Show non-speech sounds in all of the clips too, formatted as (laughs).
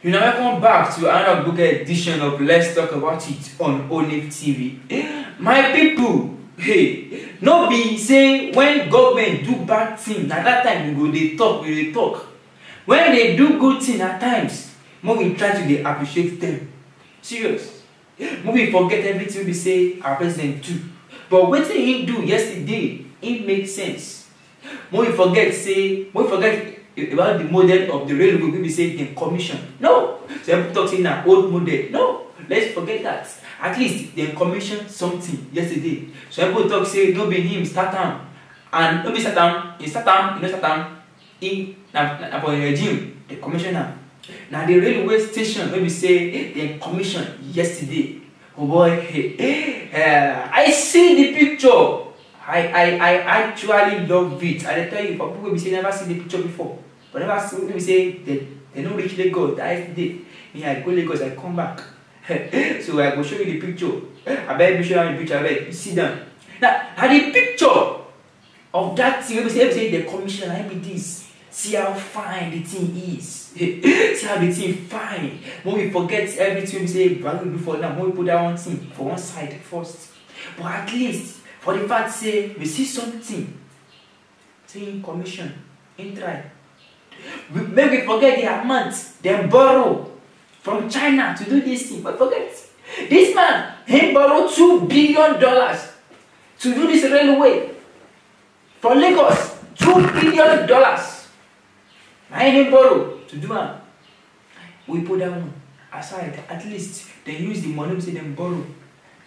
You now welcome back to another book edition of Let's Talk About It on Onif TV. My people, hey, no be say when government do bad thing, At that time we go they talk, we they talk. When they do good thing at times, make we try to dey appreciate them. Serious. Make we forget everything we say our president too. But wetin he do yesterday, it makes sense. Make we forget say, make we forget about the model of the railway, wey be say dem commission no so people talk say na old model no let's forget that at least dem commission something yesterday So people talk say no be him start am and no be start am he start am he no start am he na na for regime dem commission am na the railway station wey be say dem commission yesterday oh boy uh, i see the picture I, I, I actually love it. I tell you, for people will be saying never see the picture before whenever somebody say they they no reach lagos that next day me i go lagos i come back (laughs) so i go show you the picture I better show you the picture abeg you sit down Now na the picture of that thing wey say say the commission? I be this see how fine the thing is (laughs) see how the thing fine when we forget everything wey say buhari do for now when we put that one thing for one side first but at least for the fact say we see something say commission him try Maybe forget their amount they borrow from China to do this thing. But forget, this man, he borrowed two billion dollars to do this railway for Lagos. Two billion dollars. Now he borrow to do that? We put that one aside. At least they use the money to them borrow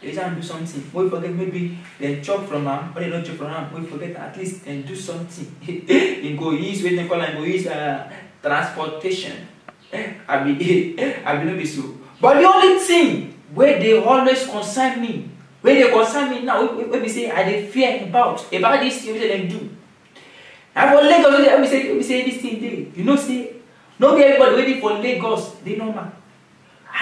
they just do something We forget maybe dem chop from am or dem no chop from am We forget at least dem do something (laughs) e go use wetin call am go use uh, transportation (laughs) abi (laughs) abi no be so but the only thing wey dey always concern me wey dey concern me now wey be say i dey fear about about this thing wey dem do na for lagos wey be say wey be say this thing dey you know say no be everybody wey dey for lagos dey normal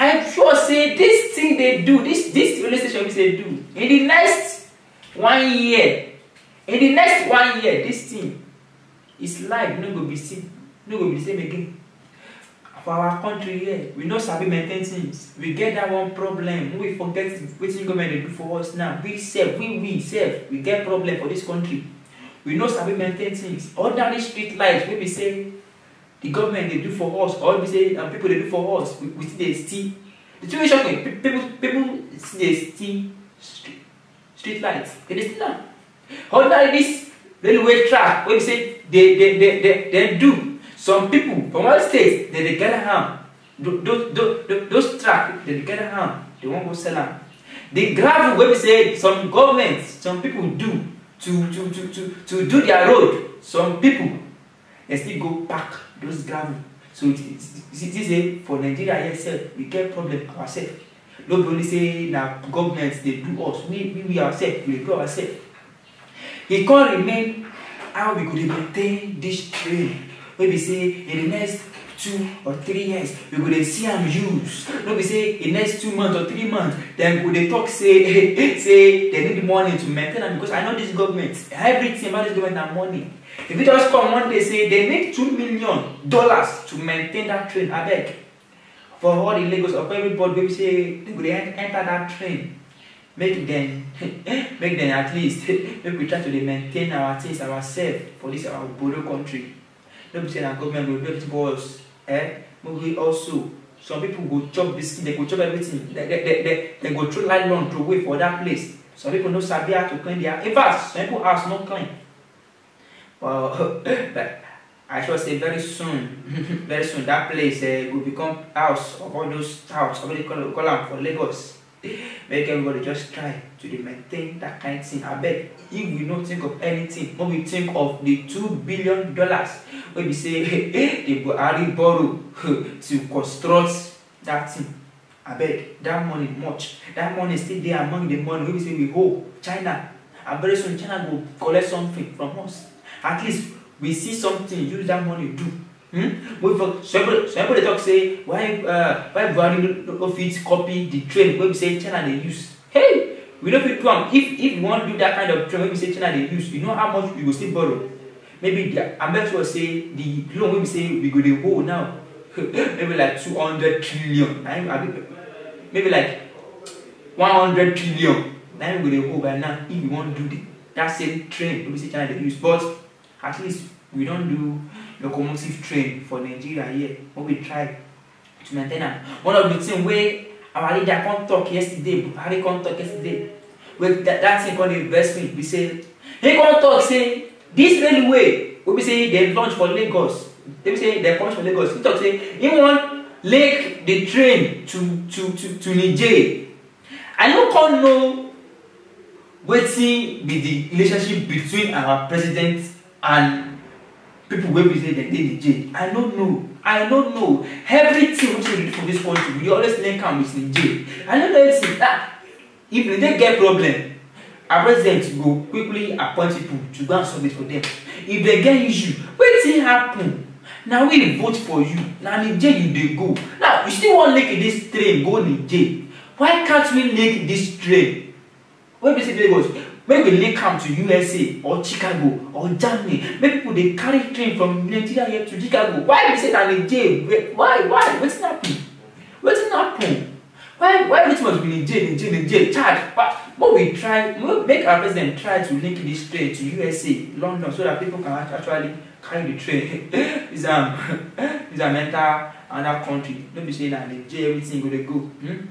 I'm sure say this thing they do, this this relationship service they do, in the next one year, in the next one year, this thing, is life no go be same, no go be same again. For our country here, we know sabi maintain things. We get that one problem, we forget what the government dey do for us now. We sef, we we sef, we get problem for this country. We know sabi maintain things. Ordinary street light We be saying the government dey do for us or be say na um, people dey do for us we, we still dey steal the situation wey shock people people still dey steal street street light dem dey steal am under this railway track wey be say dey dey dey dey dey do some people from one state dem dey gather am those those those track dem dey gather am dem wan go sell am the gravel wey be say some government some people do to to to to to do their road some people they still go pack those gravel so it see see say for nigeria here sef we get problem ourself no be only say na government dey do us we we we ourself we dey do ourself e come remain how we go dey maintain this train wey be say in the next two or three years we go dey see am use no be say in next two months or three months dem go dey talk say (laughs) say dem need money to maintain am because i know this government everything about dis government na money if you just come one day say dem need two million dollars to maintain that train abeg for all the lagos of everybody wey be say dem go dey enter that train make dem (laughs) make dem at least (laughs) make we try to dey maintain our things ourselves for this our obodo country no be say na government go do it for us eh? Maybe also some people go chop biscuit, they go chop everything. They, they, they, they, they go through long throw away for that place. Some people no sabi how to clean their in fact, some people ask no clean. Well, (laughs) but I should say very soon, (laughs) very soon that place eh, will become house of all those touts, what the call, for Lagos make everybody just try to dey maintain that kind thing abeg if we no think of anything when we think of the two billion dollars wey be say the (laughs) eh, buhari borrow to construct that thing abeg that money much that money still dey among the money wey be say we owe china and very soon china go collect something from us at least we see something use that money do Hmm? When for somebody, somebody talk say why uh, why Buhari no, no fit copy the train when we say China dey use. Hey, we no fit do am. If if you wan do that kind of train when we say China dey use, you know how much you will still borrow. Maybe the will say the loan when we say we go the whole now, (laughs) maybe like two hundred trillion. I maybe like one hundred trillion. Then we go the whole by now if you to do the that same train wey we say China dey use. But at least we do not do locomotive train for nigeria here wey we try to maintain am one of the thing wey our leader come talk yesterday buhari come talk yesterday wey that, that thing come dey vex me be say he come talk say this railway wey be say dem launch for lagos wey say dem come for lagos he talk say he wan link the train to to to to niger i no come know wetin be the relationship between our president and people wey be say dem dey the jail. i no know i no know everything wey we do for dis country we always link am with the jail. i no know anything ah if we dey get problem our president go quickly appoint people to go and solve it for them if dem get issue wetin happen na we vote for you na jail you dey go now you still wan link dis train go jail. why can't we link dis train wey be say lagos when we lay camp to usa or chicago or germany make people dey carry train from nigeria here to chicago why we say that in jail? why why What's happening? What's happening? why why this must be in In jail? jail? In jail? Charge? but we try We make our president try to link this train to usa london so that people can actually carry the train is am is am enter another country Don't be saying that in jail. everything go go hmm?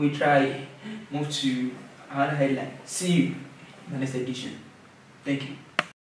we try move to our headline. See you in the next edition. Thank you.